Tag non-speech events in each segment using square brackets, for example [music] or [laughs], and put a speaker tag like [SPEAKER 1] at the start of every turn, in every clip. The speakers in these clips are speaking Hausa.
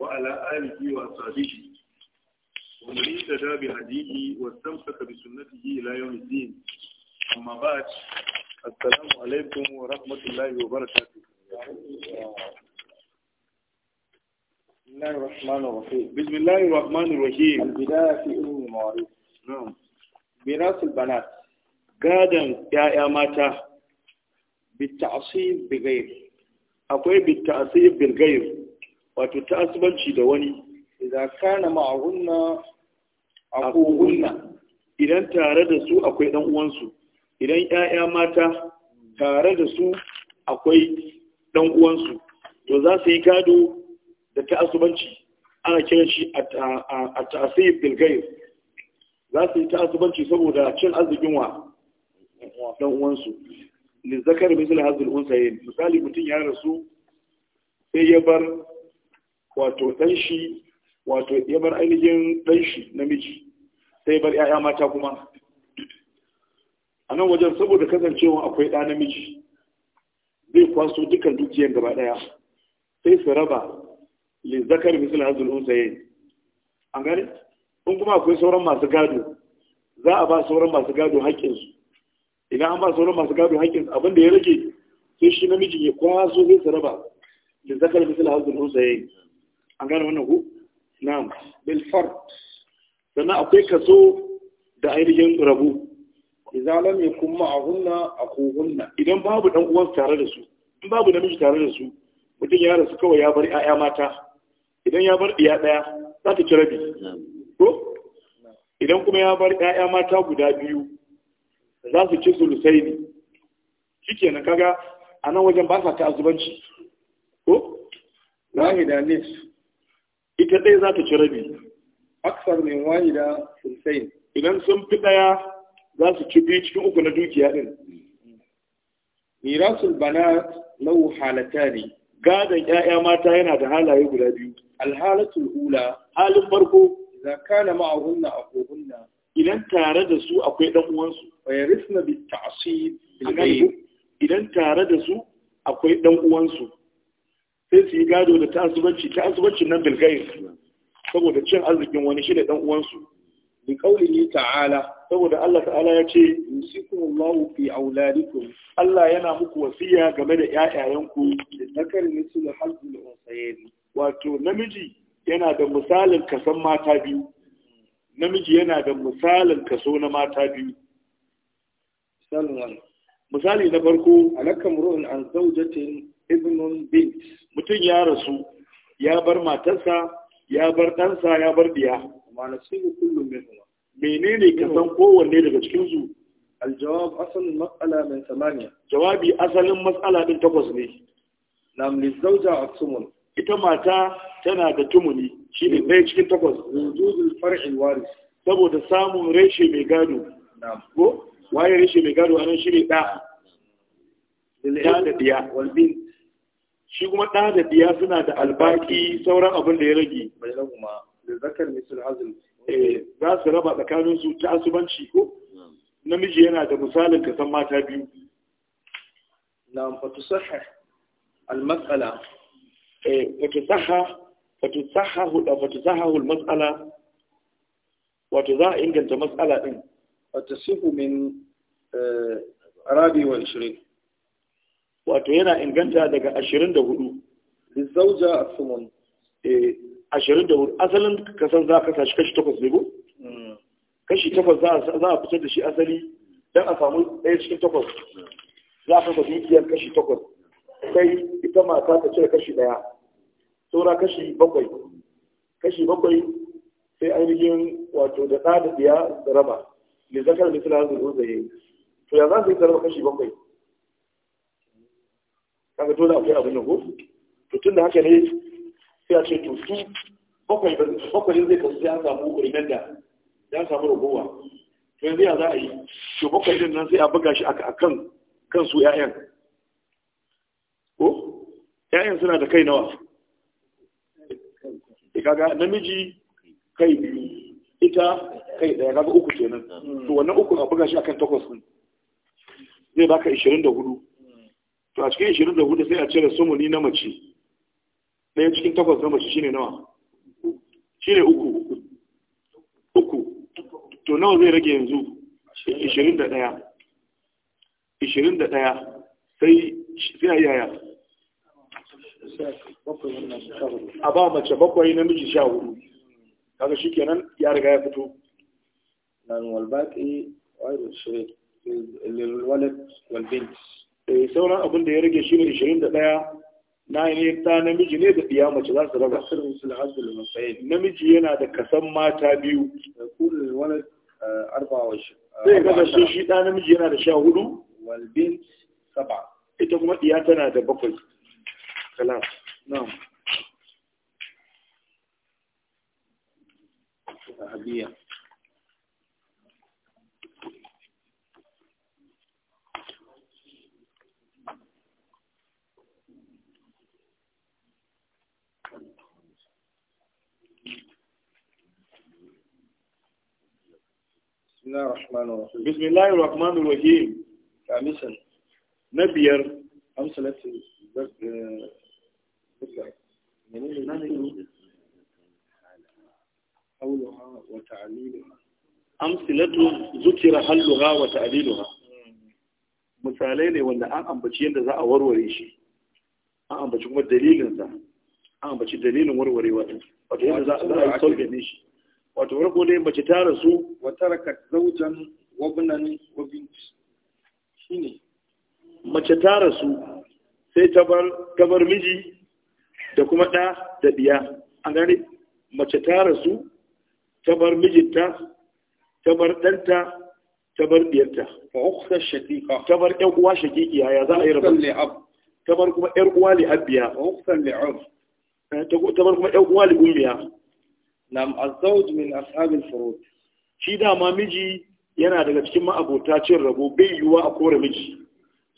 [SPEAKER 1] وعلى آله وأصحابه ومن اهتدى بهديه واستمسك بسنته إلى يوم الدين أما بعد السلام عليكم ورحمة الله وبركاته بسم الله الرحمن الرحيم بسم الله الرحمن الرحيم البداية في أم المواريث نعم ميراث البنات قادم يا يا ماتا بالتعصيب بغير أقول بالتعصيب بالغير wato ta asibanci da wani idan kana ma'ahunna akuhunna idan tare da su akwai dan uwansu idan ƴaƴa mata tare da su akwai dan uwansu to za su yi gado da ta asibanci ana kiran shi a ta'asir bilgair za su yi ta asibanci saboda cin arzikin wa dan uwansu zakar misal hazul unsayin misali mutum ya rasu sai ya bar wato dan shi wato ya bar ainihin dan shi namiji sai bar 'ya'ya mata kuma a nan wajen saboda kasancewa akwai ɗa namiji zai kwaso dukkan dukiyar gaba ɗaya sai su raba lizzakar misal hazul unsaye an gani in kuma akwai sauran masu gado za a ba sauran masu gado haƙƙinsu idan an ba sauran masu gado haƙƙinsu abin da ya rage sai shi namiji ya kwaso zai su raba lizzakar misal hazul unsaye an gane wannan ku na'am bil Da sannan akwai kaso da ainihin rabu idan lam yakun ma'ahunna akuhunna idan babu dan uwan tare da su in babu namiji tare da su mutum ya rasu kawai ya bar 'ya'ya mata idan ya bar ɗiya ɗaya za ta ci rabi ko idan kuma ya bar 'ya'ya mata guda biyu za su ci sulusai ne shikenan kaga a nan wajen ba sa ta azubanci ko da nis ita ɗaya za ta ci rabi aksar min da sulsain idan sun fi ɗaya za su ci biyu cikin uku na dukiya din mirasul bana wuhalata ne. gadon 'ya'ya mata yana da halaye guda biyu alhalatul hula. halin farko idza na ma'ahunna aquhunna idan tare da su akwai dan uwansu wa bi ta'asir. idan tare da su akwai dan uwansu sai su yi gado da ta'asubanci ta'asubancin nan su saboda cin arzikin wani shi da ɗan uwansu bi qaulihi ta'ala saboda Allah ta'ala ya ce yusikumullahu fi auladikum Allah yana muku wasiya game da ƴaƴayenku da zakar misul hazzul unsayayn wato namiji yana da misalin kasan mata biyu namiji yana da misalin kaso na mata biyu Misali na farko alakam ru'un an zawjatin ibnun bint mutum ya rasu ya bar matarsa ya bar ɗansa ya bar diya ma nasibu kullum minhuma menene ka san kowanne daga cikin su aljawab asalin mas'ala min samaniya jawabi asalin mas'ala din takwas ne nam li zawja aksumun ita mata tana da tumuni shi ne ɗaya cikin takwas wujudul far'il waris saboda samun reshe mai gado nam ko waye reshe mai gado anan shi ne da da diya wal shi kuma ɗa da biya suna da albaki sauran abin da ya rage eh, za su raba tsakanin su ta asubanci ko namiji yana da misalin kasan mata biyu na saha al-matsala eh, saha al-matsala wato za a inganta matsala ɗin sihu min eh, rabi wa shirin. wato yana inganta daga 24 zauja ashirin eh 24 asalin kasan za ka sashi kashi takwas ne ko hmm. kashi takwas za a fitar da shi asali don a samu ɗaya cikin takwas za a kasa dukiyar kashi takwas sai ita mata ta cire kashi ɗaya saura kashi bakwai kashi bakwai sai ainihin wato da ɗa da biya da raba ne zakar da sila zai to ya za su yi raba kashi bakwai kaga dole akwai abin da ko to tun da haka ne sai a ce to su bakwai zai kasu sai an samu rinan da ya samu ragowa to yanzu ya za a yi to bakwai din nan sai a buga shi a kan kan su ƴaƴan ko ƴaƴan suna da kai nawa eh, kaga namiji kai biyu ita kai daya kaga uku kenan to wannan uku a buga shi akan takwas din zai baka 24 to a cikin 24 sai a cire sumuni na mace ɗaya cikin takwas na mace shine nawa shine uku uku to nawa zai rage yanzu 21 21 sai sai a yaya a ba mace bakwai na miji sha hudu kaga shikenan ya riga ya fito nan walbaqi wa yushrik lil walad wal bint Eh, sauran abin da ya rage shi ne 21 da na ne ta namiji ne da biya mace za su raba namiji yana da kasan mata biyu zai kasance shi ɗan namiji yana da sha hudu walbin saba ita kuma ɗiya tana da bakwai kalas na sahabiya Bismillahir Rahmanir Rahim. Kamisan. Na biyar eh, amsalatu حولها وتعليلها أمثلة ذكر حلها وتعليلها misalai ne wanda an ambaci yadda za a warware shi an ambaci kuma dalilinsa an ambaci dalilin warwarewa wato yadda za a yi ne shi wato farko dai mace ta rasu wa taraka zawjan wa ibnan wa bint shine mace ta rasu sai ta bar miji da kuma ɗa da biya an gane mace ta rasu ta bar mijinta ta bar ɗanta ta bar biyarta ukhta shaqiqa ta bar ɗan uwa shaqiqiya ya za a yi rabu ta bar kuma ɗan uwa li abiya ukhta li eh, ta bar kuma ɗan uwa li ummiya nam azawj min ashab al-furud shi dama miji yana daga cikin ma'abota cin rabo bai yiwuwa a kore miji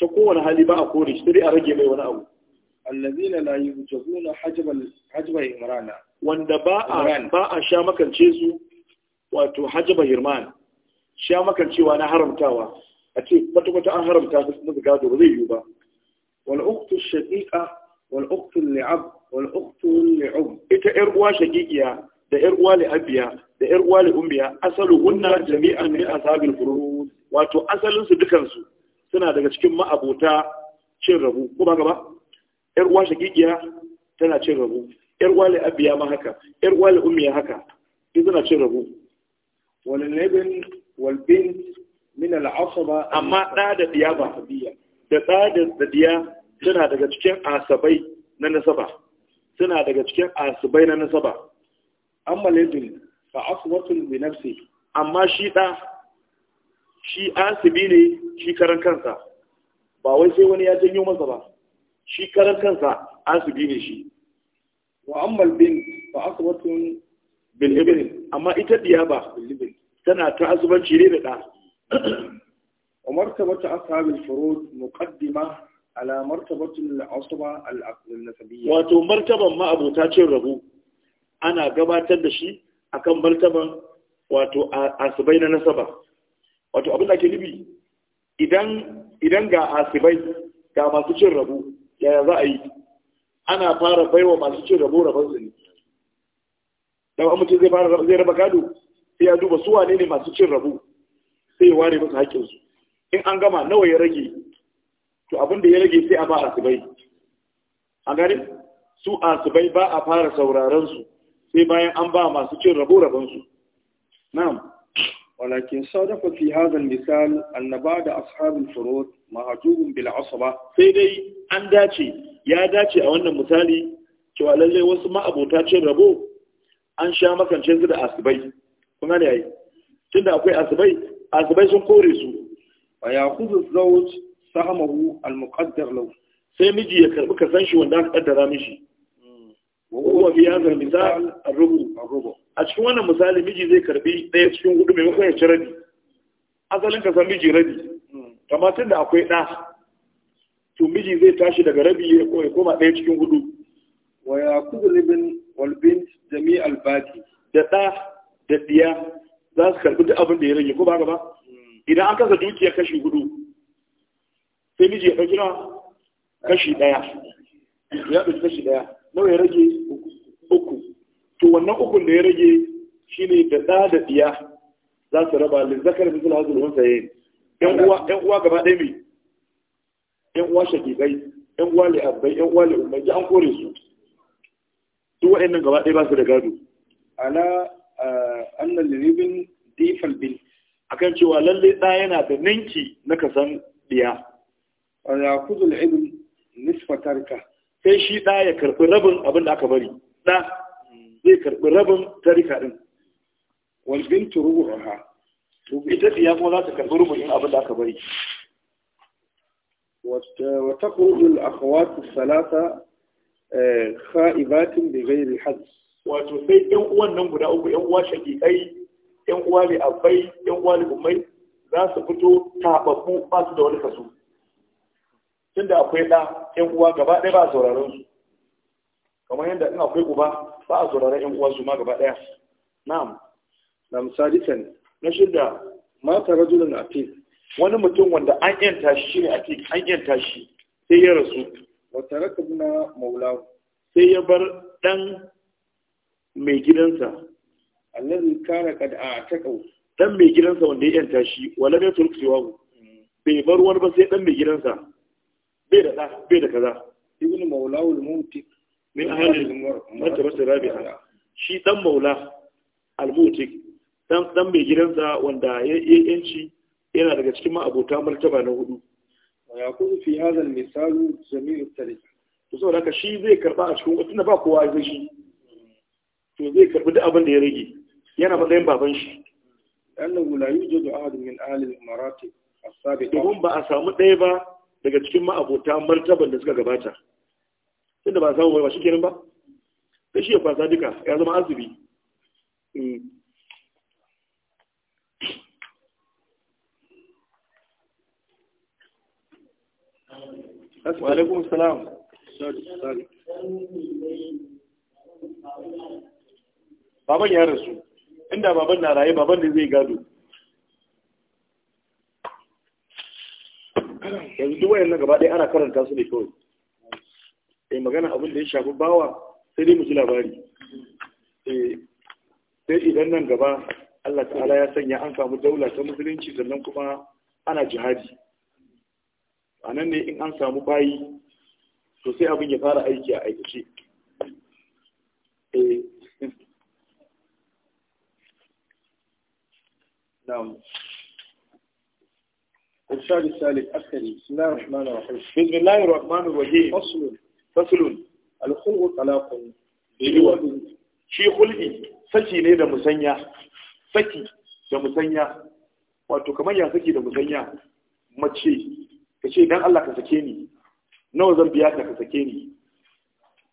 [SPEAKER 1] ta kowane hali ba a kore shi sai a rage mai wani abu allazina la yujabuna hajbal hajbal imrana wanda ba a ba a sha makance su wato hajbal irman sha makancewa na haramtawa a ce kwata-kwata an haramta su na gado ba zai yiwu ba wal uktu shaqiqa wal uktu li'ab wal uktu li'um ita yar uwa shaqiqiya da ƴar uwa abiya da ƴar uwa umbiya asalu hunna jami'an min ashabil furud wato asalin su dukan su suna daga cikin ma'abota cin rabu ko ba gaba ƴar uwa shakikiya tana cin rabu Ƴar uwa abiya ma haka ƴar uwa umbiya haka duk suna cin rabu wal ibn wal bint min al asaba amma da da diya ba habiya da da da diya suna daga cikin asabai na nasaba suna daga cikin asabai na nasaba amma ladun fa aswatun bi nafsi amma shi da shi asibi ne shi karan kansa ba wai sai wani ya janyo masa ba shi karan kansa asibi ne shi wa amma bin fa aswatun bil ibn amma ita diya ba bil ibn tana ta azubanci ne da da ومرتبة أصحاب الفروض مقدمة على مرتبة العصبة النسبية وتو مرتبة ما أبو تاتي rabu. ana gabatar da shi a kan martaban wato asibai na nasaba wato abin da ke nufi idan ga asibai ga masu cin rabu, yaya za a yi ana fara baiwa masu cin rabu rabon su ne da amince zai fara zai raba gado sai ya duba su wane ne masu cin rabu. sai ya ware musu haƙƙinsu. in an gama nawa ya rage to abin da ya rage sai a ba asibai a gane su asibai ba a fara sauraron su sai bayan an ba masu cin rabo rabonsu na'am walakin sadafa fi hadha misal annaba da ashabul furud mahjubun bil asaba sai dai an dace ya dace a wannan misali cewa lalle wasu ma'abota cin rabo an sha makance su da asibai kuma gane yayi tunda akwai asibai asibai sun kore su wa yakhudhu zawj sahamahu al muqaddar lahu sai miji ya karbi kasan shi wanda aka kaddara mishi wa biya hadha misali a rubu a cikin wannan misali miji zai karbi ɗaya cikin hudu mai makon ya ci rabi asalin ka san miji rabi kamar hmm. tun da akwai ɗa to miji zai tashi daga rabi ya koma ɗaya cikin hudu wa ya kudu libin walbin jami albati da ɗa da ɗiya za su karɓi duk abin da ya rage ko ba gaba hmm. idan an kasa dukiya kashi hudu sai miji ya ɗauki kashi ɗaya ya ɗauki kashi ɗaya nawa ya rage uku to wannan ukun da ya rage shi ne da ɗa da biya za su raba da misal hazul unsa yayin yan uwa yan uwa gaba ɗaya mai yan uwa shakikai yan uwa le abbai yan uwa li ummai an kore su duk waɗannan gaba ɗaya ba su da gado ala annan liribin difal bin akan cewa lalle ɗa yana da ninki na kasan ɗiya wa yaqudul ibn nisfa tarka sai shi ɗa ya karɓi rabin abin da aka bari ɗa zai karɓi rabin tarika ɗin walbin turu raha ita ya kuma za ta karɓi rubin abin da aka bari wata kurujin akhawatu salata eh, kha'ibatin da gairi hajji wato sai yan uwan nan guda uku yan uwa shakikai yan uwa ne abai yan uwa ne umai za su fito tababbu ba su da wani kasu tunda akwai ɗa ƴan uwa gaba ɗaya ba a sauraron su kamar yadda in akwai uba ba a sauraron ƴan uwa su ma gaba ɗaya na'am na misalitan na shida mata rajulun atik wani mutum wanda an tashi shi a atik an ƴan tashi. sai ya rasu Wata raka buna maula sai ya bar ɗan mai gidansa allazi kana kad a takau dan mai gidansa wanda ya yanta shi wala ne turksiwa mm. bai bar wani ba sai dan mai gidansa bai da ɗa bai shi dan maula dan mai gidansa wanda ya yanci yana daga cikin ma'abota martaba na hudu wa kuma fi hadha al-misal jami'u to shi zai karba a cikin tunda ba kowa zai shi to zai karbi duk abin da ya rage yana matsayin baban shi annahu la yujadu ahad min ba a samu ɗaya ba daga cikin ma'abota martaban da suka gabata Inda ba samu wani ba shi kenan ba sai shi ya kwasa duka ya zama azubi hmm. Baban ya rasu, inda baban na raye baban da zai gado. yanzu duk wayannan gaba ɗaya ana karanta su ne kawai eh magana abin da ya shafi bawa sai dai mu ji labari eh sai idan nan gaba Allah ta'ala ya sanya an samu daula ta musulunci sannan kuma ana jihadi a ne in an samu bayi to sai abin ya fara aiki a aikace eh [laughs] na'am إرشاد السالك أسكري بسم الله الرحمن الرحيم بسم الله الرحمن الرحيم فصل فصل الخلق طلاق shi hulɗi saki ne da musanya saki da musanya wato kamar ya saki da musanya mace ka ce dan Allah ka sake ni nawa zan biya ka sake ni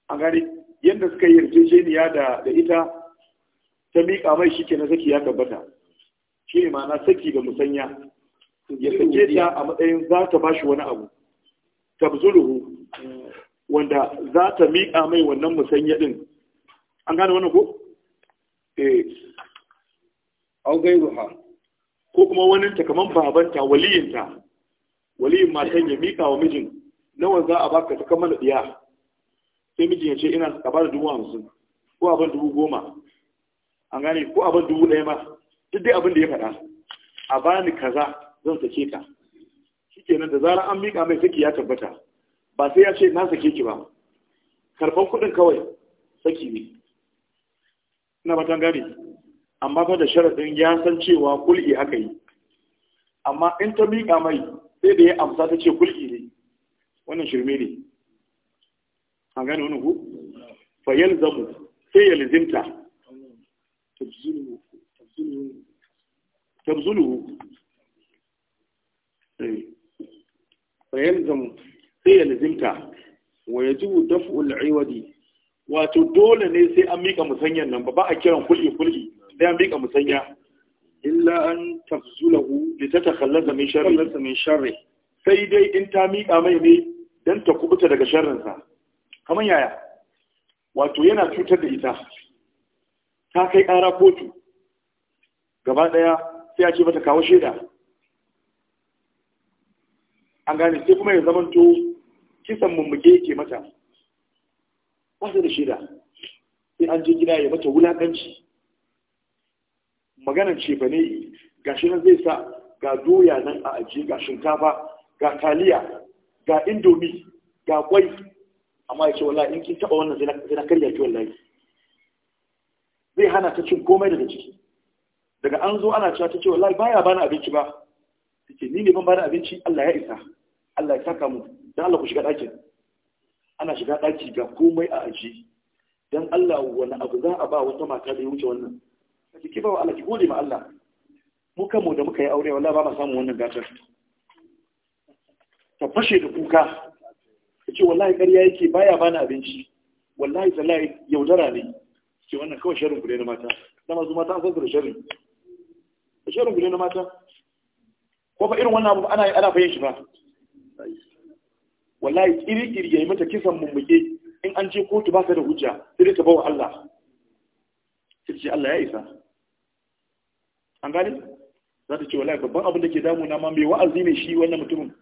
[SPEAKER 1] a gani yadda suka yi yarjejeniya da ita ta miƙa mai shi kenan saki ya tabbata shi ne ma'ana saki da musanya ya sake ta a matsayin za ta bashi wani abu tabzuluhu wanda za ta miƙa mai wannan musanya din an gane wannan ko eh au gairuha ko kuma wani ta kaman babanta waliyinta waliyin matan ya miƙa wa mijin nawa za a baka ta kammala diya sai mijin ya ce ina a bada dubu hamsin ko abin dubu goma an gane ko abin dubu ɗaya ma duk dai abin da ya faɗa a bani kaza zan sake ka shikenan da zarar an miƙa mai saki ya tabbata ba sai ya ce na sake ki ba Karɓar kuɗin kawai saki ne ina ba gane amma fa da sharaɗin ya san cewa kulki aka yi amma in ta miƙa mai sai da ya amsa ta ce kulki ne wannan shirme ne an gane wani ku fa zamu sai ya lizinta tabzuluhu فيلزم sai ya lazimta wa ya jiwu daf'ul iwadi wato dole ne sai an mika musanyan nan ba a kiran kulli kulli sai an mika musanya illa an tafzulahu li tatakhallaza min sharri tatakhallaza min sharri sai dai in ta mika mai ne dan ta kubuta daga sharrin sa kamar yaya wato yana cutar da ita ta kai ƙara kotu gaba daya sai a ce mata kawo shaida an gane sai kuma ya zamanto kisan mummuke yake mata ba su da shida sai an je gida ya mata wulakanci. maganar cefa ne gashi nan zai sa ga doya nan a ajiye ga shinkafa ga taliya ga indomi ga kwai amma ya ce wala in kin taɓa wannan zai na karya ki wallahi zai hana ta cin komai daga ciki daga an zo ana cewa ta ce wallahi baya bani abinci ba take ni ne ban bani abinci Allah ya isa Allah ya saka mu dan Allah ku shiga ɗakin ana shiga daki ga komai a aji dan Allah wani abu za a ba wata mata da ya wuce wannan kace ki ba wa Allah ki gode ma Allah mu kanmu da muka yi aure wallahi ba ma samu wannan gatar ta fashe da kuka kace wallahi ƙarya yake baya bani abinci wallahi sallahi yaudara ne ce wannan kawai sharrin gure na mata dama su mata an san su sharri sharrin gure na mata ko fa irin wannan abu ana ana fahimci ba wallahi kirkiri yayi mata kisan mummuke in an je kotu ba ka da hujja sai ka bawa Allah sai Allah ya isa an gane za ta ce wallahi babban abin da ke damuna ma mai wa'azi ne shi wannan mutumin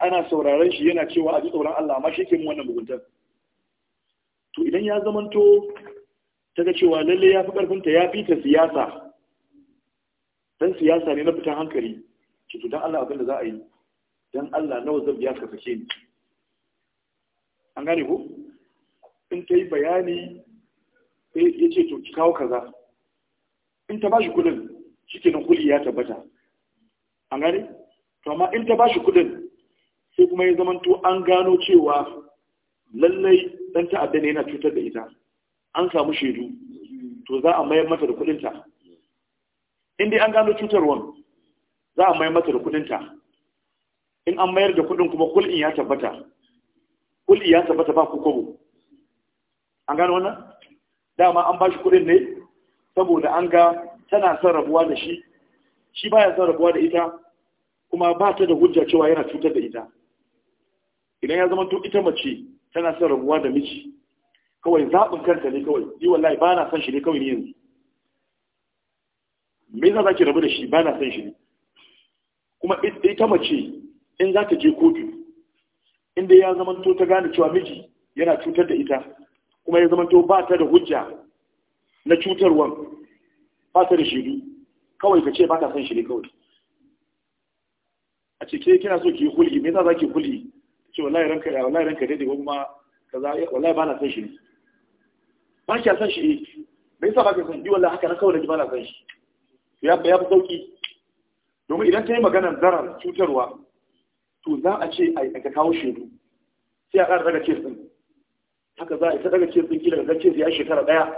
[SPEAKER 1] ana sauraron shi yana cewa a ji tsoron Allah amma shi ke mu wannan muguntar to idan ya zamanto ta ga cewa lalle ya fi karfinta ya fi ta siyasa dan siyasa ne na fitan hankali ki to dan Allah abin da za a yi don Allah nawa zan biya ka sake ni an gane ko in ta yi bayani eh, ya ce to ki kawo kaza in ta bashi kudin nan kuli ya tabbata an gane to amma in ta bashi kudin sai kuma ya zamanto an gano cewa lallai dan ta'adda ne yana cutar da ita an samu shaidu to za a mayar mata da kudinta in dai an gano cutarwan za a mayar mata da kudinta in an mayar da kuɗin kuma kul'in ya tabbata kul'i ya tabbata ba ku kobo. an gano wannan dama an ba shi kuɗin ne saboda an ga tana son rabuwa da shi shi baya son rabuwa da ita kuma ba ta da hujja cewa yana cutar da ita idan ya zama to ita mace tana son rabuwa da miji kawai zaɓin kanta ne kawai yi wallahi ba na son shi ne kawai ne yanzu me za ki rabu da shi ba na son shi ne kuma ita mace in za ta je kotu inda ya zamanto ta gane cewa miji yana cutar da ita kuma ya zamanto ba ta da hujja na cutarwan ba ta da shiri kawai ka ce ba ta son shiri kawai a cike kina so ki yi hulɗi me yasa za ki hulɗi ce wallahi ranka da wallahi ranka dai kuma kaza wallahi ba na son shiri ba ki son shiri eh. me yasa ba ki son shi wallahi haka na kawai da ba na son shi ya ya fi sauki domin idan ta yi maganar zarar cutarwa to za a ce a ka kawo shaidu sai a ƙara daga ce sun haka za a ta daga ce sun kila ga ce ya shekara ɗaya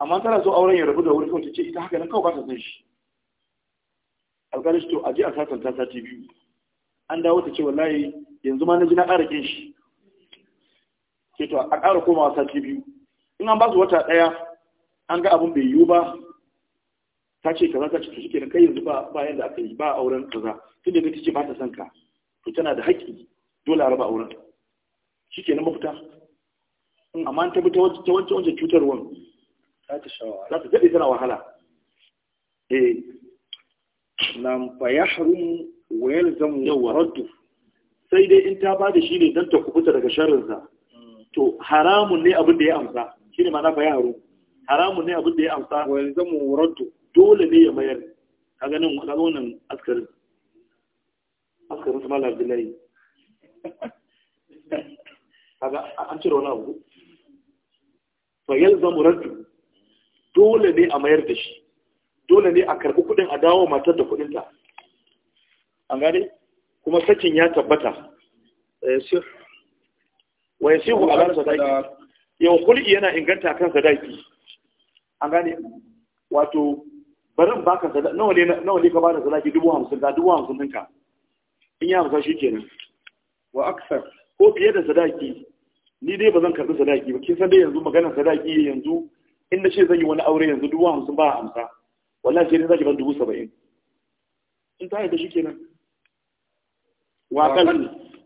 [SPEAKER 1] amma tana so auren ya rabu da wuri kawai ta ce ita haka nan kawai ba ta san shi alƙalin to a ji a sasanta sati biyu an dawo ta ce wallahi yanzu ma na ji na ƙara kin shi ke to a ƙara komawa sati biyu in an ba su wata ɗaya an ga abin bai yiwu ba ta ce kaza ta ce to shikenan kai yanzu ba ba aka yi ba auren kaza da ta ce ba ta son ka to tana da haƙƙi dole a raba auren shikenan mafita amma ta bi ta wancan wancan cutarwan za ta shawara za ta daɗe tana wahala eh nan fa yahrum wa yalzamu wa raddu sai dai in ta bada shi ne don ta kubuta daga sharrinsa hmm. to haramun ne abin da ya amsa shi ne na fa yaro haramun ne abin da ya amsa wa yalzamu raddu dole ne ya mayar a ganin kaga wannan askarin askarin su malar abdullahi a an cire wani abu fa yalzamu rantu dole ne a mayar da shi dole ne a karɓi kuɗin a dawo matar da kuɗinta an gane kuma sakin ya tabbata wa ya yasihu ala sadaqi yau kulki yana inganta kan sadaki an gane wato barin in baka sada nawa ne nawa ne ka bada sadaki dubu hamsin ga dubu hamsin ɗinka in ya hamsa shi kenan wa aksar ko fiye da sadaki ni dai ba zan karɓi sadaki ba kin san dai yanzu maganar sadaki yanzu in na ce zan yi wani aure yanzu dubu hamsin ba hamsa wallahi sai dai zaki ban dubu saba'in in ta yi da shi kenan wa akal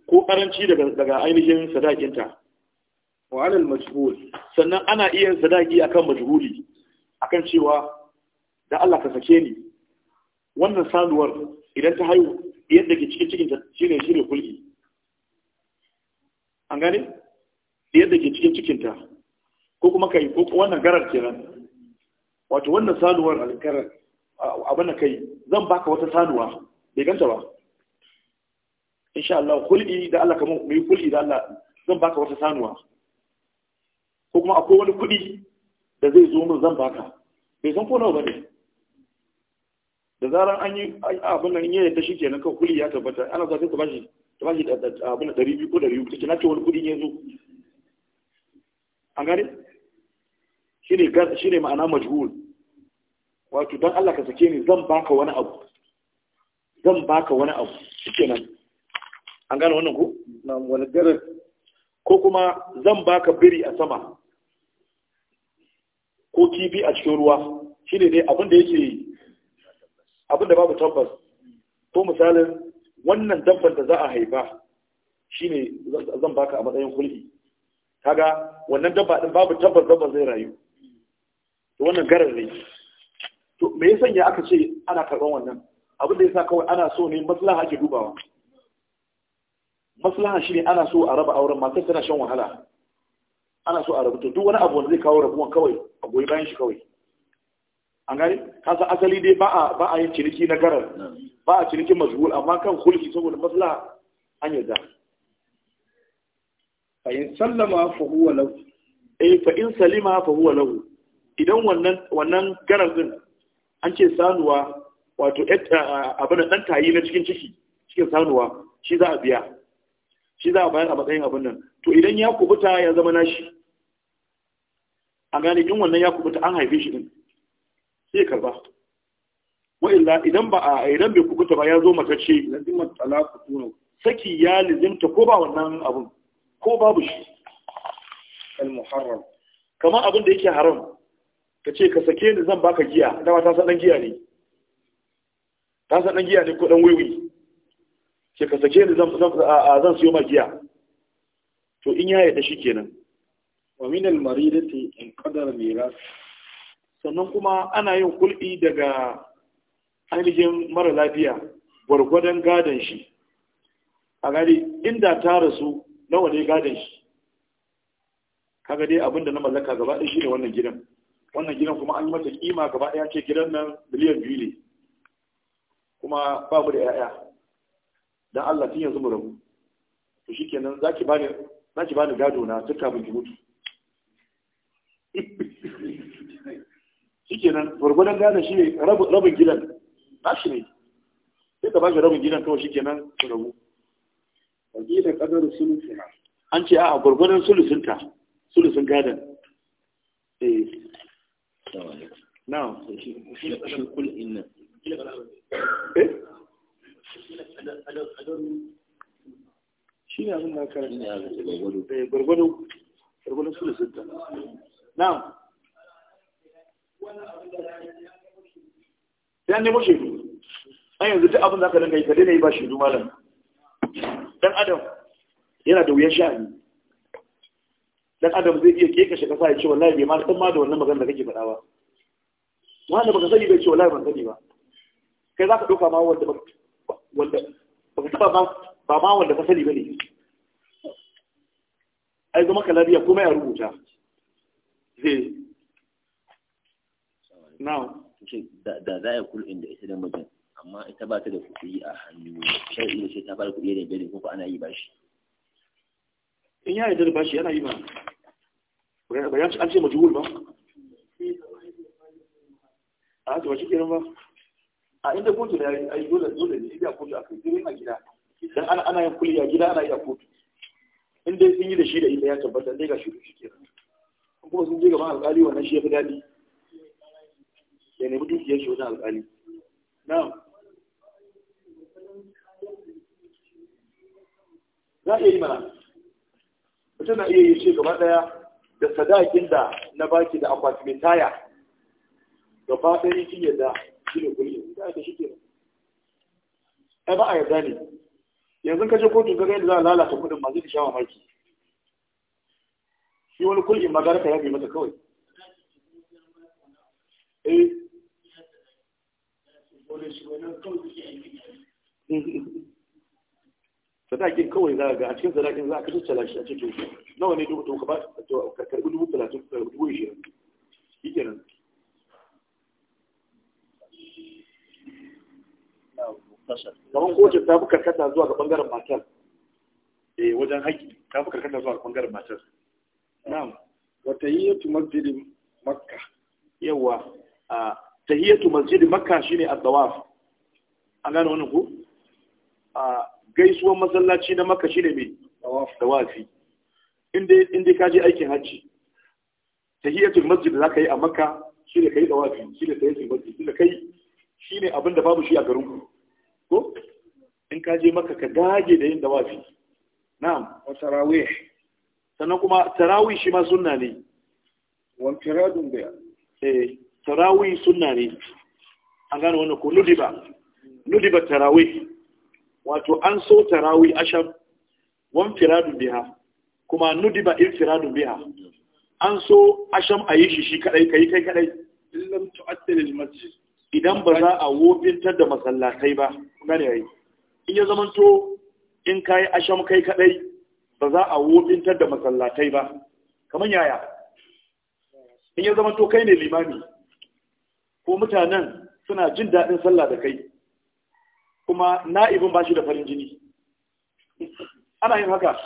[SPEAKER 1] ko karanci daga daga ainihin sadakinta wa alal majhul sannan ana iya sadaki akan majhuli akan cewa da Allah ka sake ni wannan sanuwar idan ta haihu yadda ke cikin cikin shine shine kulki an gane yadda ke cikin cikinta ko kuma kai ko wannan garar kenan wato wannan sanuwar alkarar abin da kai zan baka wata sanuwa bai ganta ba insha Allah kulli da Allah kamar mai kulki da Allah zan baka wata sanuwa ko kuma akwai wani kuɗi da zai zo min zan baka bai san ko nawa bane da zaran an yi abin nan ya yadda shi kenan kan kuli ya tabbata ana zuwa sai ta bashi ta bashi abin da ɗari biyu ko ɗari biyu ta na ce wani kuɗi ya zo an gane shi ne shi ne ma'ana majhul wato don Allah ka sake ni zan baka wani abu zan baka wani abu nan. an gane wannan ko na wani garin ko kuma zan baka biri a sama ko kifi a cikin ruwa shi ne dai abin da yake abin da babu tabbas ko misalin wannan dabbar da za a haifa shine zan baka a matsayin kulki kaga wannan dabba din babu tabbas dabba zai rayu to wannan garar ne to me ya sanya aka ce ana karban wannan abin da yasa kawai ana so ne maslaha ake dubawa maslaha shine ana so a raba auren matar tana shan wahala ana so a rabu to duk wani abu wanda zai kawo rabuwan kawai a goyi bayan shi kawai an gani kasa asali dai ba a yin ciniki na garar ba a cinikin mashgul amma kan hulki saboda maslaha an yarda fa in sallama fa huwa lahu eh fa in salima fa huwa lahu idan wannan wannan garar din an ce sanuwa wato abin da dan tayi na cikin ciki cikin sanuwa shi za a biya shi za a bayar a matsayin abin nan to idan ya kubuta ya zama nashi a gane in wannan ya kubuta an haife shi din sai karba wa'illa idan ba a idan bai ta ba ya zo matacce lazimar talaku tuno saki ya lizimta ko ba wannan abun ko babu shi al muharram kamar abin da yake haram ka ce ka sake ni zan baka giya dama ta san dan giya ne ta san dan giya ne ko dan wiwi ce ka sake ni zan zan siyo ma giya to in ya yarda kenan wa min al maridati in qadara miras sannan kuma ana yin kul'i daga ainihin mara lafiya gwargwadon gadon shi a gari inda ta rasu nawa ne gadon shi kaga dai abinda na mallaka gaba ɗaya shine wannan gidan wannan gidan kuma an mata kima gaba ɗaya ce gidan nan miliyan biyu ne kuma ba mu da 'ya'ya don Allah tun yanzu mu rabu to kenan za ki bani gado na tun ki mutu [laughs] nan gwargwadon gane shi ne rabin gidan nashi ne sai ka bashi rabin gidan kawai shikenan ku rabu wakilin kadar sulusuna an ce a gwargwadon sulusunta sulusun gadon eh na shi kul inna eh shi ne abin da sulusunta na Yan nemo shaidu an yanzu duk abin da aka dinga yi ka daina yi ba shaidu malam dan adam yana da wuyan sha'ani dan adam zai iya keka shi kasa ya ce wallahi bai ma san ma da wannan magana da kake faɗa ba wanda baka sani bai ce wallahi ban sani ba kai za ka ɗauka ma wanda wanda baka taba ma ba ma wanda ka sani bane ai zama ka lafiya kuma ya rubuta zai eh. na'am da za ya kul inda ita da mijin amma ita ba ta da kuɗi a hannu sai da sai ta bar kuɗi ne bai ko ana yi bashi in ya yi da bashi yana yi ba ba ya an ce majhul ba a haka ba shi kenan ba a inda kotu da ya yi dole dole ne ya kotu a kai yi a gida dan ana ana yin kulli a gida ana yi a kotu in dai sun yi da shi da ita ya tabbata dai ga shi shi kenan kuma sun je gaban alƙali wannan shi ya fi daɗi ya nemi dukiyar shi wajen alƙali na'am za a iya yi mana mutum na iya yi ce gaba ɗaya da sadakin da na baki da akwati mai taya gaba ɗaya shi yadda shi ne kulli da aka shi kenan ai ba a yarda ne yanzu ka je kotu yadda za a lalata kuɗin masu zai sha mamaki shi wani kulli magana ya yabe masa kawai eh sadakin kawai za ga a cikin sadakin za a kashe talashi a cikin nawa ne dubu to ka karbi dubu talatin ka dubu ishirin shi kenan kamar kowace ta fi karkata zuwa ga bangaren matar eh wajen haƙi ta fi karkata zuwa ga bangaren matar na wata yi yatu masjidin makka yawa a tahiyatu masjid makka shine at-tawaf an gano wannan ko a gaisuwar masallaci na makka shine me tawafi inda inda kaje aikin hajji tahiyatu masjid zaka yi a makka shine kai tawafi shine tahiyatul masjid shine kai shine abin da babu shi a garin ku ko in kaje makka ka dage da yin tawafi na'am wa tarawih sannan kuma tarawih shi ma sunna ne wa infiradun da eh tarawih suna ne A gane wani ko nudiba nudiba tarawih wato an so tarawih ashar wan firadun biha kuma nudiba in firadun biha an so asham a yi shi shi kadai kai kai kadai illam tu'attil masjid idan ba za a wofintar da masallatai ba gane yayi in ya zamanto in kai asham kai kadai ba za a wofintar da masallatai ba kamar yaya in ya zamanto kai ne limami ko mutanen suna jin daɗin sallah da kai kuma na'ibin ba shi da farin jini ana yin haka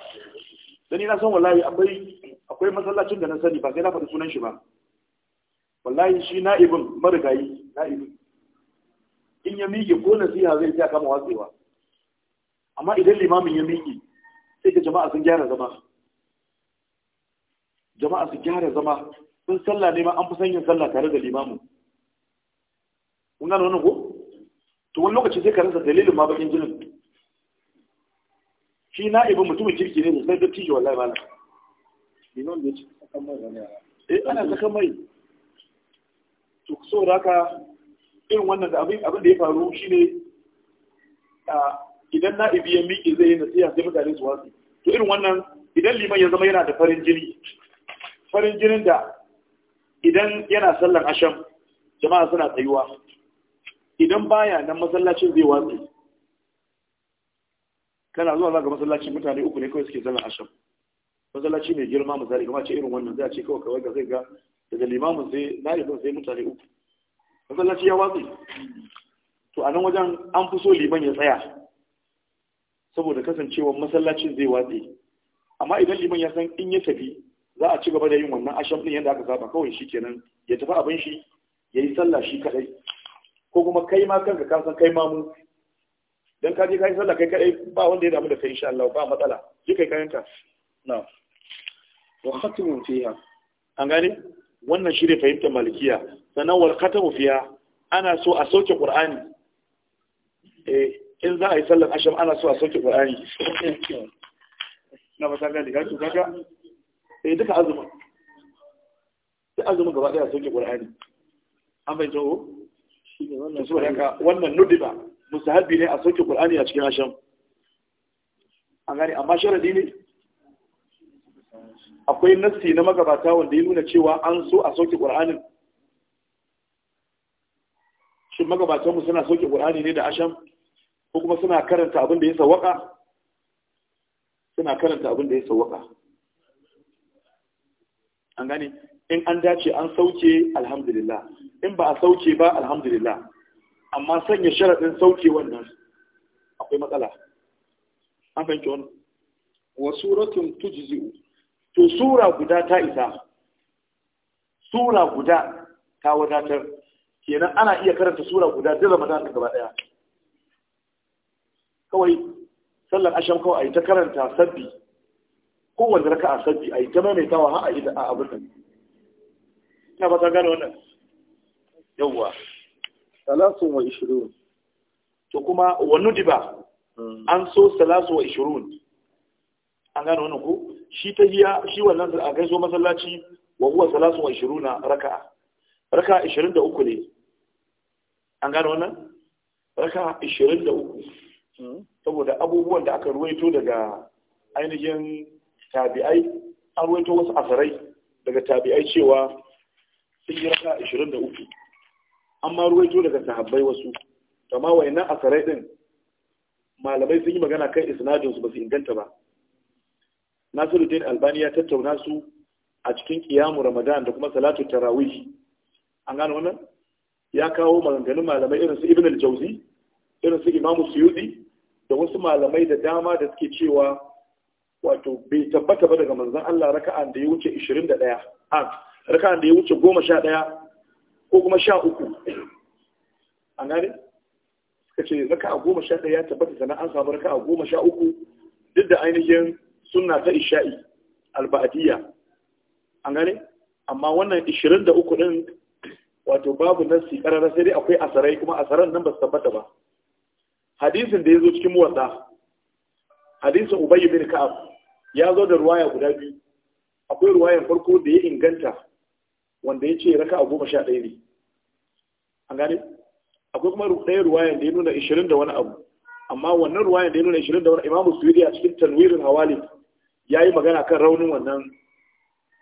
[SPEAKER 1] da ni na san wallahi akwai masallacin da na sani ba sai na faɗi sunan shi ba wallahi shi na'ibin marigayi na'ibin in ya miƙe ko nasiha zai ta kama watsewa amma idan limamin ya miƙe sai ka jama'a sun gyara zama jama'a sun gyara zama sun sallah ne ma an fi sanyin sallah tare da limamin kun gano wannan ko to wani lokaci sai karanta dalilin ma bakin jinin shi na'ibin mutumin kirki ne sai da tijo wallahi malam liman da ya ci sakan mai wani eh ana sakan mai to so da haka irin wannan da abin da ya faru shine idan ibi ya miƙe zai yi nasiha sai mutane su wasu to irin wannan idan liman ya zama yana da farin jini farin jinin da idan yana sallan asham jama'a suna tsayuwa idan baya nan masallacin zai watsi kana zuwa za ga masallacin mutane uku ne kawai suke zama asham masallaci mai girma misali kuma ce irin wannan zai ce kawai kawai ga zai ga daga Limamu sai na'ibin sai mutane uku masallaci ya watsi to a nan wajen an fi so liman ya tsaya saboda kasancewar masallacin zai watsi amma idan liman ya san in ya tafi za a ci gaba da yin wannan ashan din yadda aka saba kawai shi kenan ya tafi abin shi ya yi sallah shi kadai ko kuma kai ma kanka ka san kai ma mu dan ka je ka yi sallah kai kadai ba wanda ya damu da kai insha Allah ba matsala shi kai kayanka na wa khatimun fiha an gane wannan shi ne fahimtar malikiya sannan wal khatamu fiha ana so a sauke qur'ani eh in za a yi sallar asham ana so a sauke qur'ani na ba ta gani gashi kaga eh duka azumin duk azumi gaba daya sauke qur'ani an bai tawo wannan nudiba musahabi ne a sauke qur'ani a cikin asham an gani amma sharadi ne akwai nassi na magabata wanda ya nuna cewa an so a sauke qur'anin shin magabatanmu suna sauke qur'ani ne da asham ko kuma suna karanta abin da ya sawaka suna karanta abin da ya sawaka an gani in an dace an sauke alhamdulillah in ba a sauke ba alhamdulillah amma sanya sharaɗin sauke wannan akwai matsala an fahimci wani wa suratun tujzi to sura guda ta isa sura guda ta wadatar kenan ana iya karanta sura guda duk ramadan ta gaba daya kawai sallar asham kawai a yi ta karanta sabbi kowanne raka'a sabbi a yi ta maimaitawa har a yi da abin ina ba ta gano wannan yawwa salasun wa ishirun to kuma wa ba hmm. an so salasu wa ishirun an gano wannan ku. shi ta hiya shi wannan a gaiso masallaci wa huwa salasun wa na raka. Raka ishirin da uku ne an gano wannan raka ishirin da uku hmm. saboda abubuwan da aka ruwaito daga ainihin tabi'ai an ruwaito wasu asarai daga tabi'ai cewa sun yi raka 23 amma ruwaito daga sahabbai wasu kama wayannan asarai din malamai sun yi magana kan isnadin su ba su inganta ba Nasiruddin Albani ya tattauna su a cikin kiyamu Ramadan da kuma salatu tarawih an gano wannan ya kawo maganganun malamai irin su Ibn al-Jawzi irin su Imam Suyuti da wasu malamai da dama da suke cewa wato bai tabbata ba daga manzon Allah raka'an da ya wuce 21 a raka da ya wuce goma sha ɗaya ko kuma sha uku a gane suka ce raka a goma sha ɗaya ya tabbata sannan an samu raka a goma sha uku duk da ainihin suna ta isha'i alba'adiyya a gane amma wannan ishirin da uku ɗin wato babu nasi ƙararra sai dai akwai asarai kuma asaran nan ba su tabbata ba hadisin da ya zo cikin muwatsa hadisin ubayy bin ka'ab ya zo da ruwaya guda biyu akwai ruwayan farko da ya inganta wanda ya ce raka a goma sha ɗaya ne an gane akwai kuma ɗaya ruwayan da ya nuna ishirin da wani abu amma wannan ruwayan da ya nuna ishirin da wani imamu suwidi a cikin tanwirin hawali ya yi magana kan raunin wannan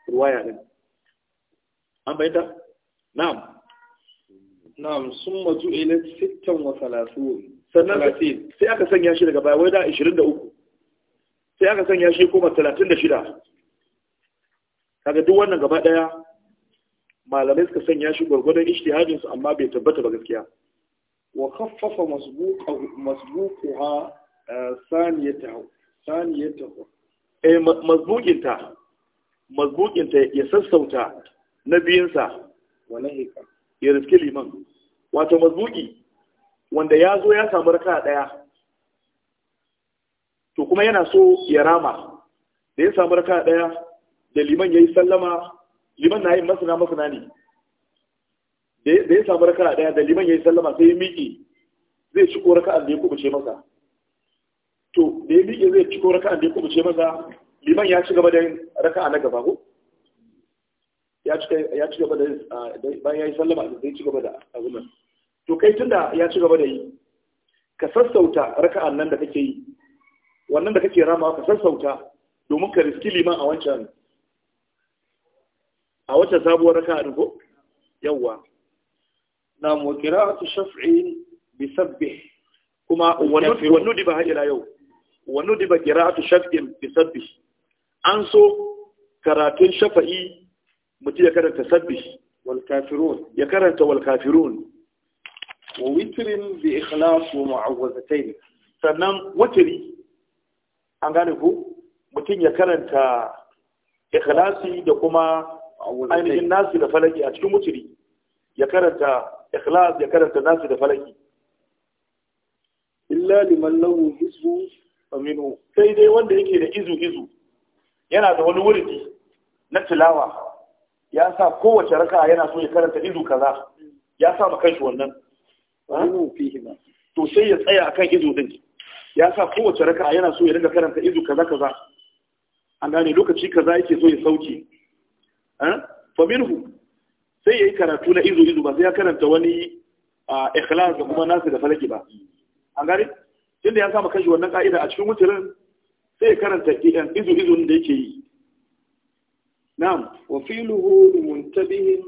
[SPEAKER 1] ruwaya ne. an bayyanta na'am na'am sun maju ila sittan wa salatu sannan sai aka sanya shi daga baya wai da ishirin da uku sai aka sanya shi kuma talatin da shida kaga duk wannan gaba ɗaya malamai suka sanya shi gwargwadon ijtihadin su amma bai tabbata ba gaskiya wa khaffafa masbuquha eh, saniyatahu saniyatahu eh masbuqinta masbuqinta ya sassauta na biyinsa wa nahika ya riske liman wato masbuqi wanda ya zo ya samu raka daya to kuma yana so ya rama da ya samu raka daya da liman yayi sallama liman na yin masana masana ne da ya samu raka daya da liman ya yi sallama sai ya miƙe zai ciko raka da ya kubuce masa to da ya miƙe zai ciko raka da ya kubuce masa liman ya ci gaba da yin raka na gaba ko ya ci gaba da bayan ya yi sallama da zai ci gaba da azumin to kai tunda ya ci gaba da yi ka sassauta raka'an nan da kake yi wannan da kake ramawa ka sassauta domin ka riski liman a wancan a wata sabuwar raka'a din yawwa na mu qira'atu shaf'i bi sabbih kuma wannu diba hajila yau wannu diba qira'atu shaf'i bi sabbih an so karatun shafa'i mutum ya karanta sabbih wal kafirun ya karanta wal kafirun wa witrin bi ikhlas wa mu'awwazatayn sannan witri an gane ku? mutum ya karanta ikhlasi da kuma ainihin nasu da falaki a cikin wuturi ya karanta ikhlas ya karanta nasu da falaki illa liman lahu izu aminu sai dai wanda yake da izu izu yana da wani wurdi na tilawa ya sa kowace raka yana so ya karanta izu kaza ya sa ma kanshi wannan to sai ya tsaya akan izu din ya sa kowace raka yana so ya dinga karanta izu kaza kaza an gane lokaci kaza yake so ya sauke Eh? fa minhu sai yayi karatu na izu izu ba sai ya karanta wani ikhlas da kuma nasu da falaki ba an gane tunda ya samu kashi wannan ka'ida a cikin wutirin sai ya karanta izu izu da yake yi na'am wa filuhu muntabihin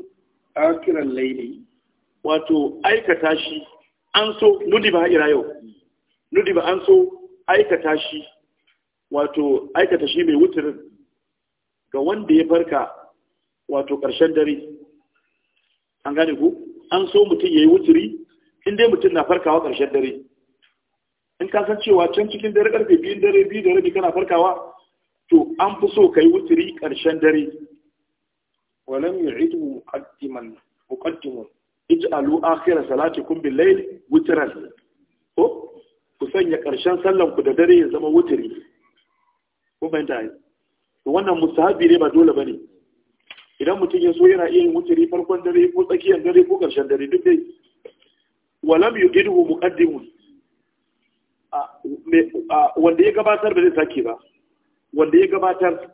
[SPEAKER 1] akiran laili wato aikata shi an so nudi ba ira yau nudi ba an so aikata shi wato aikata shi mai wutirin ga wanda ya farka wato ƙarshen dare an gane ku an so mutum ya yi wuturi Inda mutum na farkawa ƙarshen dare in ka san cewa can cikin dare ƙarfe biyun dare biyu da rabi kana farkawa to an fi so ka yi wuturi ƙarshen dare walam yu'idu muqaddiman muqaddimun ij'alu kira salatikum bil layl witran ko ku sanya ƙarshen sallan ku da dare ya zama wuturi ko bayan ta yi to wannan mustahabi ne ba dole bane idan mutum ya so yana iya yin wuturi farkon dare ko tsakiyar dare ko ƙarshen dare duk dai walam yuqidhu muqaddimun wanda ya gabatar ba zai sake ba wanda ya gabatar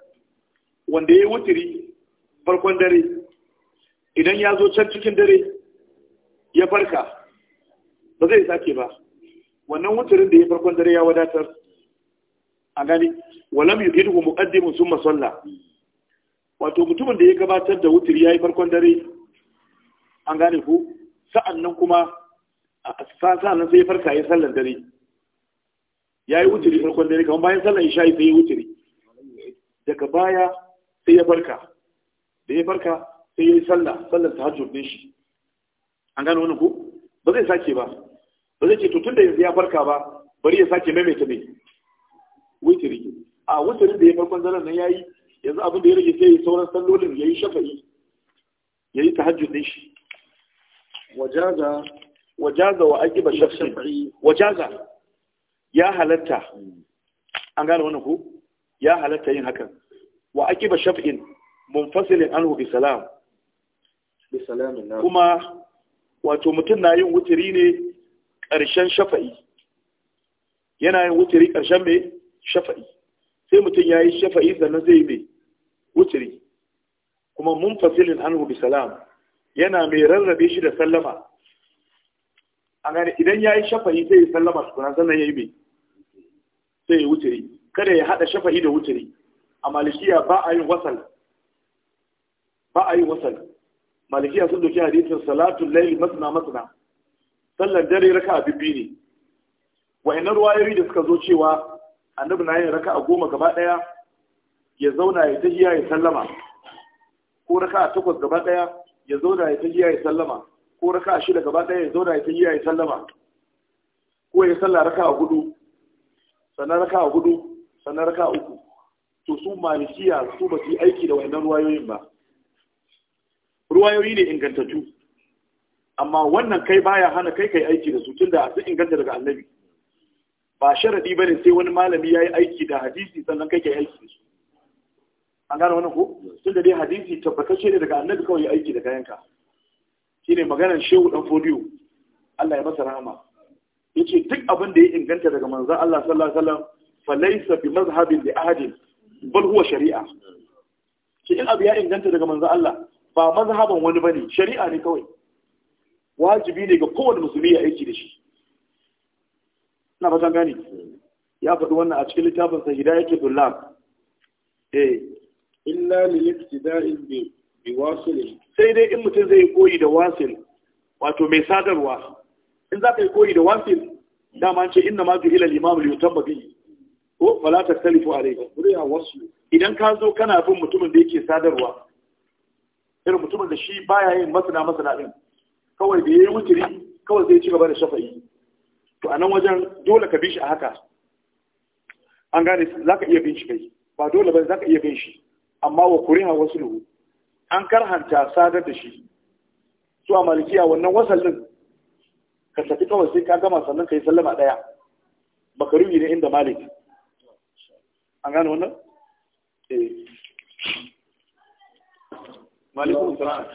[SPEAKER 1] wanda ya wuturi farkon dare idan ya zo can cikin dare ya farka ba zai sake ba wannan wuturin da ya farkon dare ya wadatar a gani walam yuqidhu muqaddimun summa sallah wato mutumin da ya gabatar da wuturi ya yi farkon dare an gane ku sa'an nan kuma sa'an nan sai ya farka ya sallan dare ya yi wuturi farkon dare kamar bayan sallan isha sai ya wuturi daga baya sai ya farka da ya farka sai ya yi sallah sallan ta hajjur shi an gane wani ku ba zai sake ba ba zai ce to tun da yanzu ya farka ba bari ya sake maimaita ne. wuturi a wuturin da ya farkon dare nan ya yi yanzu abin da ya rage sai sauran sallolin ya yi shafa'i ya yi ta din shi wajaza wa aqiba shafa'i wajaza ya halatta hmm. an gane wannan ko ya halatta yin hakan wa aqiba shaf'in munfasilin anhu bi salam bi salamin kuma wato mutum na yin wuturi ne ƙarshen shafa'i yana yin wuturi ƙarshen mai shafa'i sai mutum ya yi shafa'i sannan zai mai wuturi kuma mun fasilin anhu bi salam yana mai rarrabe shi da sallama a gani idan ya yi shafa'i zai yi sallama tukuna sannan ya yi mai sai ya wuturi kada ya haɗa shafa'i da wuturi a malikiya ba a yin wasal ba a yin wasal malikiya sun doki hadisin salatun laili masana masana sallar dare raka bibbi ne wa'annan ruwayoyi da suka zo cewa annabi na yin raka a goma gaba ɗaya ya zauna ya tahiya ya sallama ko raka a takwas gaba daya ya zauna ya tahiya ya sallama ko raka a shida gaba daya ya zauna ya tahiya ya sallama ko ya salla raka hudu sannan raka hudu sannan raka uku to su malikiya su ba su yi aiki da wannan ruwayoyin ba ruwayoyi ne ingantattu amma wannan kai baya hana kai kai aiki da su tunda sun inganta daga annabi ba sharadi ne sai wani malami ya yi aiki da hadisi sannan kai kai aiki da su an gane wani ko tun da dai hadisi tabbatacce ne daga annabi kawai aiki da kayanka ne maganar shehu dan fodiyo Allah ya masa rahama ce duk abin da ya inganta daga manzan Allah sallallahu alaihi wasallam fa laysa bi mazhabin li ahadin bal huwa shari'a shi in abu ya inganta daga manzan Allah ba mazhaban wani bane shari'a ne kawai wajibi ne ga kowane musulmi ya aiki da shi ina fatan gane ya faɗi wannan a cikin littafin sa hidayatul lam eh illa li ibtida'in bi bi sai dai in mutum zai koyi da wasil wato mai sadarwa in za ka yi koyi da wasil dama ce inna ma juhila al-imam li yutabbi bihi ko fala taktalifu alayhi idan ka zo kana bin mutumin da yake sadarwa irin mutumin da shi baya yin masana masana din kawai da yayi mutiri, kawai zai ci gaba da shafa'i to a nan wajen dole ka bi shi a haka an gane za ka iya bin shi kai ba dole ba za ka iya bin shi amma wa kuriha wasluhu an karhanta sadar da shi zuwa a malikiya wannan wasallin ka tafi kawai sai ka gama sannan ka yi sallama ɗaya rubi ne inda malik an gano wannan? Eh. malikun sana'a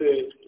[SPEAKER 1] eh.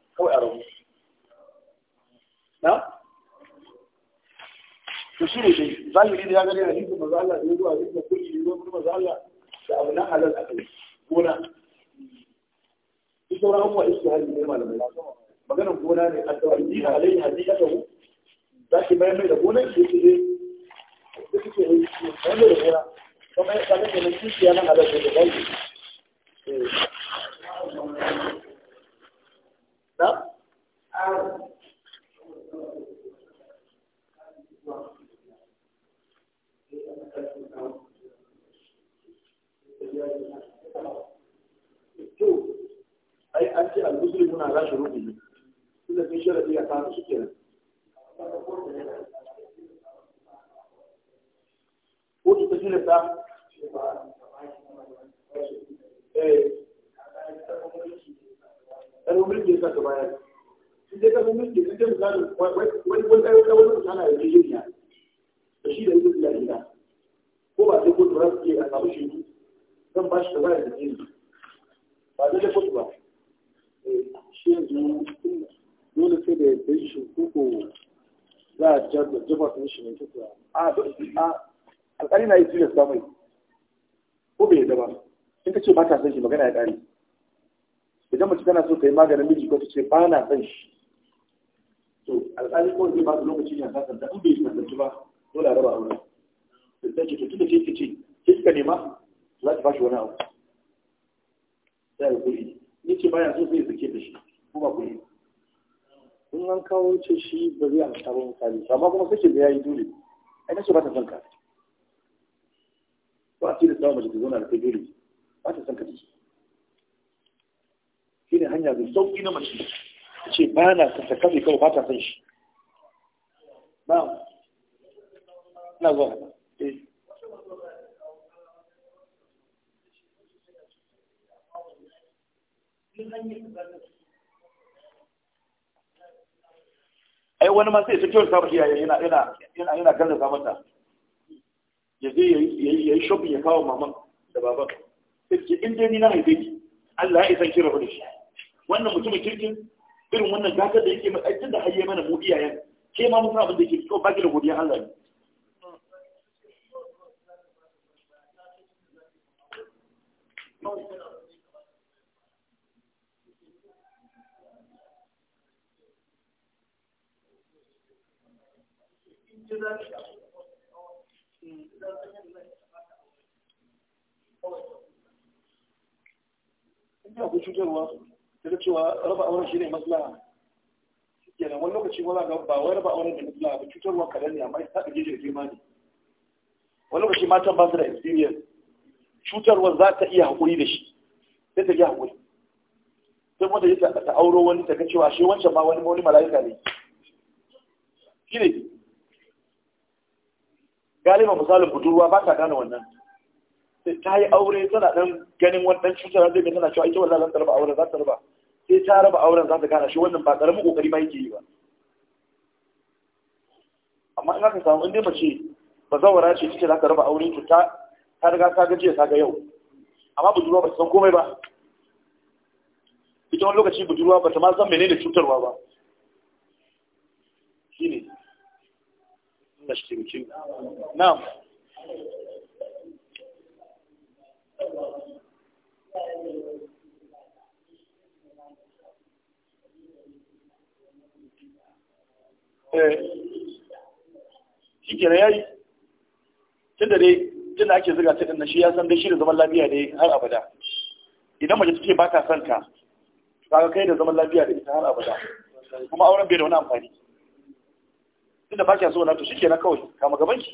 [SPEAKER 1] kawai a rabu na to shi ne dai zahiri da ya gani hadisin manzo Allah da zuwa hadisin kulli zuwa manzo Allah da abu na halal a kai gona shi sauran abubuwa istihadi ne malamai maganar gona ne a tawajjiha alaihi hadiyatahu za ki mayar mai da gonar shi ne da suke yi mayar da gona kuma ya kalle da nan kishi ya nan halal da bai ai an ce al muna rashin rubutu tunda sun sharadi ya fara su kenan ko ita shi ne ta eh ɗan mulki ya sa ka bayar sai ka san miji kan jami'a da wani wani wani wani mutana da jiniya da shi da yin lalila ko ba sai kotu rasu ke a samu shi zan ba shi da bayar da jini ba zai kotu ba shi yanzu dole sai da yadda shi kuku za a jefa su shi ne kuka a alƙali na yi tilas ba mai ko bai yadda ba in ka ce ba ta son shi magana ya ƙare idan mace tana so ka yi maganin miji ko ta ce ba na san shi to alƙali kawai zai ba su lokaci ne a kasar da in bai kasance ba dole a raba aure sai ce to tunda ke ce ke suka nema za ta bashi wani abu sai ya kuri ni ce baya so sai sake da shi kuma kuri in an kawo ce shi ba zai amsa ba misali amma kuma sai sake da yayi dole ai nace ba ta son ka ko a cikin tsawon mace ta zauna da ta dole ba ta son ka da shi shine hanya da sauƙi na mace ce ba na kasa kasa kafe kawai ba ta san shi ba na zuwa eh. ai wani ma sai ta samun iyaye yana yana yana yana samun ta ya zai ya yi shopping ya kawo maman da baban sai ce in ni na haife ki Allah ya isa kira da shi wannan mutumin kirkin irin wannan gatar da yake mai aikin da hayye mana mu iyayen ke ma mun abin da yake to baki da godiya Allah ne Ina ku daga cewa raba auren shi ne maslaha nan, wani lokaci wani ga ba wai raba auren da maslaha ba cutarwa kadan ne amma ita ta da girma ne wani lokaci matan ba su da experience cutarwa za ta iya haƙuri da shi sai ta yi haƙuri sai kuma ta ta auro wani ta ga cewa shi wancan ma wani wani mala'ika ne shi ne galiba misalin budurwa ba ta gane wannan sai ta yi aure tana dan ganin wannan cutar zai tana cewa ita wallahi za ta raba aure za ta raba sai ta raba auren za ta gana shi wannan ba karamin kokari ma yake yi ba amma in aka samu inda mace ba zawara ce take za ka raba aure ki ta ta riga ta gaji ta ga yau amma budurwa ba san komai ba ita wani lokaci budurwa ba ta ma san menene cutarwa ba shine na shi cikin na'am Eh. shi kenan yayi tunda dai tunda ake zuga ta shi ya san dai shi da zaman lafiya ne har abada idan mace take ba ta son ka ka kai da zaman lafiya da ita har abada kuma auren bai da wani amfani tunda ba kya so na to shi kenan kawai kama gaban ki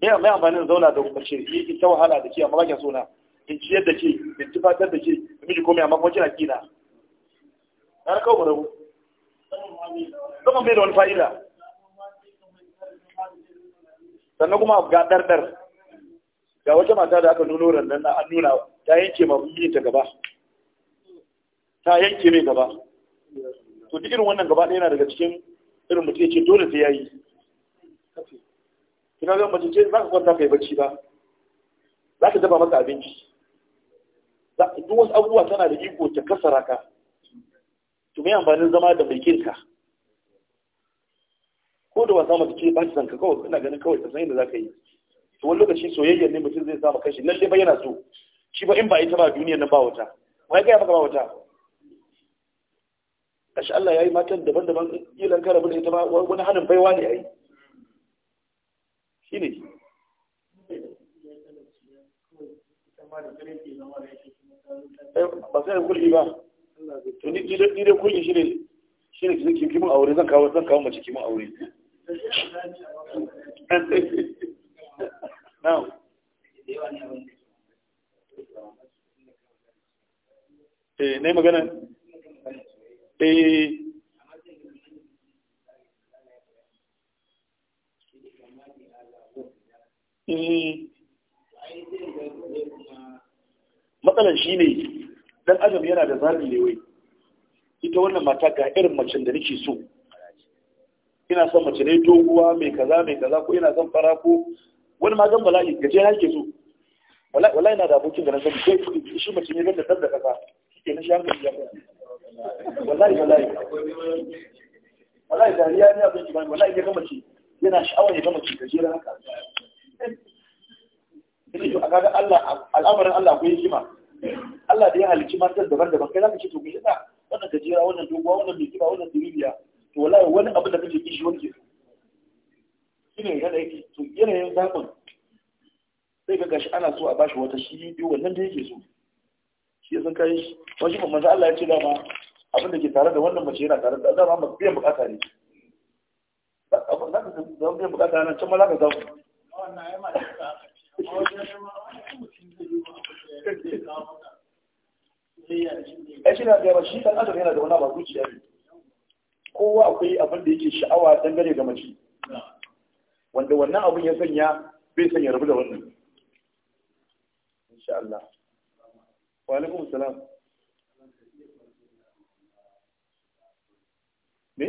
[SPEAKER 1] me mai amfani da zauna da mace yi ta wahala da ke amma ba kya so na in ciyar da ke in tufatar da ke in miji komai amma kuma kina kina har kawai mu rabu zaman bai da wani fa'ida sannan kuma ga ɗarɗar ga wata mata da aka nuna rannan na an nuna ta yanke ma ta gaba ta yanke mai gaba to duk irin wannan gaba ɗaya yana daga cikin irin mutum ce dole sai yayi kina ga mace ce za ka kwanta kai bacci ba za ka dafa maka abinci duk wasu abubuwa tana da iko ta kasara ka to amfanin zama da mai kinka ko da wasa samu cikin ba zanka kawai suna ganin kawai ta san yadda zaka yi to wani lokaci soyayya ne mutum zai samu kashi lalle ba yana so shi ba in ba ita ba duniyar nan ba wata ya gaya maka ba wata shi Allah ya yi matan daban-daban ilan karabu bude ita ba wani hannun baiwa ne yayi shine
[SPEAKER 2] eh, ba sai
[SPEAKER 1] kulli ba to ni dai kulli shi ne shi ne kimin aure zan kawo zan kawo mace kimin aure Eh, ne eh. eh. matsalan shi ne dan adam yana da zaɓi ne ita wannan mata ga irin macen da nake so ina son mace ne doguwa mai kaza mai kaza ko ina son fara ko wani ma zan bala'i gaje na ke so wallahi na da abokin ganin na sani sai shi mace ne da tsada kasa ke na shi hankali ya wallahi wallahi wallahi dariya ne abin ki kimani wallahi ga mace yana sha'awar ya ga mace gaje na haka ina a kaga Allah al'amarin Allah ko yake ma Allah da ya halicci matan daban-daban kai zaka ka ce to ku da wannan gajera wannan doguwa wannan mai wannan diribiya to wallahi wani abu da kake kishi wani ke so shine yanayi to yanayin zaɓin sai ga gashi ana so a bashi wata shi biyu wannan da yake so shi sun kai shi wani shi manzo Allah ya ce dama abin da ke tare da wannan mace yana tare da dama ba biyan bukata ne abin da ka zama biyan bukata nan can ma za ka zaɓi ai shi na gaba shi dan adam yana da wani ba zuciya ne kowa akwai abin da yake sha'awa dangane ga mace wanda wannan abin ya sanya bai sanya rabu da wannan insha Allah wa alaikum salam me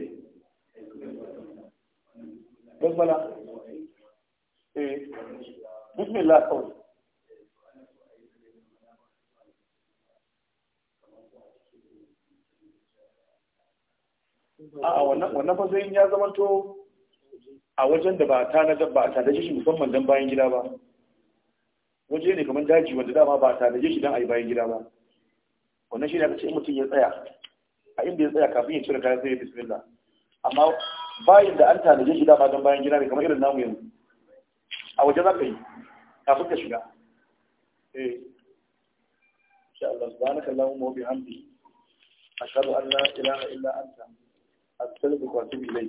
[SPEAKER 1] basmala eh bismillah kawai a'a wannan fasahin ya zamanto a wajen da ba ta na ba a da shi musamman don bayan gida ba waje ne kamar daji wanda dama ba a da shi don a yi bayan gida ba wannan shi ne aka ce mutum ya tsaya a inda ya tsaya kafin ya cire kayan sai ya bismillah amma bayan da an ta da shi dama don bayan gida ne kamar irin namu yanzu a waje za ka yi kafin ka shiga eh insha Allah subhanaka Allahumma wa bihamdika ashhadu an la ilaha illa anta a tsarin bukatun ilai